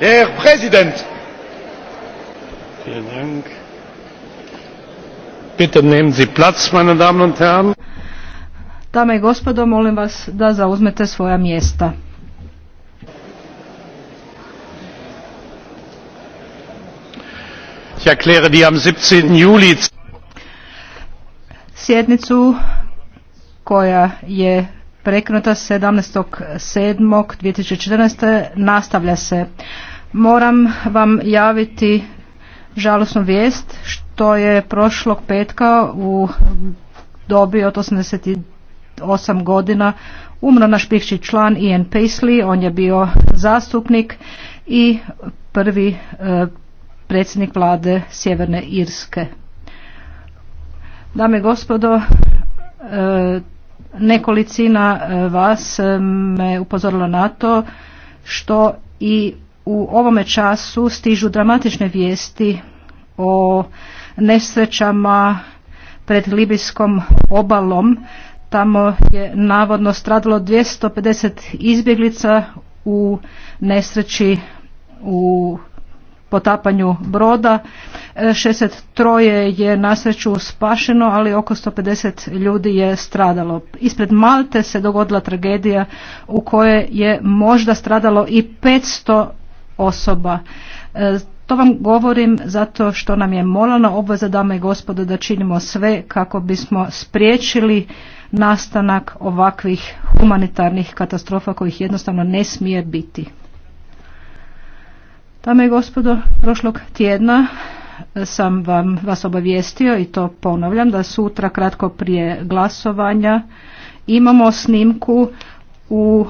Herr Präsident! Vielen Dank. Bitte nehmen Sie Platz, meine Damen und Herren. Dame i gospodo, molim vas da zauzmete svoja mjesta. Ich erkläre die am 17. Juli sjednicu koja je prekinuta 17.7.2014. nastavlja se Moram vam javiti žalosnu vijest što je prošlog petka u dobi od 88 godina umro naš bivši član Ian Paisley, on je bio zastupnik i prvi e, predsjednik vlade Sjeverne Irske. Dame i gospodo, e, nekolicina e, vas e, me upozorila na to što i u ovome času stižu dramatične vijesti o nesrećama pred libijskom obalom. Tamo je navodno stradalo 250 izbjeglica u nesreći u potapanju broda. 63 je na sreću spašeno, ali oko 150 ljudi je stradalo. Ispred Malte se dogodila tragedija u kojoj je možda stradalo i 500 osoba. E, to vam govorim zato što nam je moralna obveza, dame i gospodo, da činimo sve kako bismo spriječili nastanak ovakvih humanitarnih katastrofa kojih jednostavno ne smije biti. Dame i gospodo, prošlog tjedna e, sam vam vas obavijestio i to ponavljam da sutra kratko prije glasovanja imamo snimku u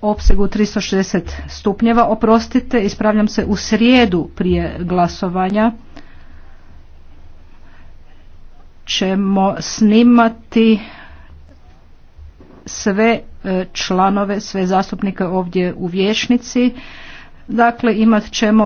opsegu 360 stupnjeva. Oprostite, ispravljam se u srijedu prije glasovanja ćemo snimati sve e, članove, sve zastupnike ovdje u vješnici. Dakle, imat ćemo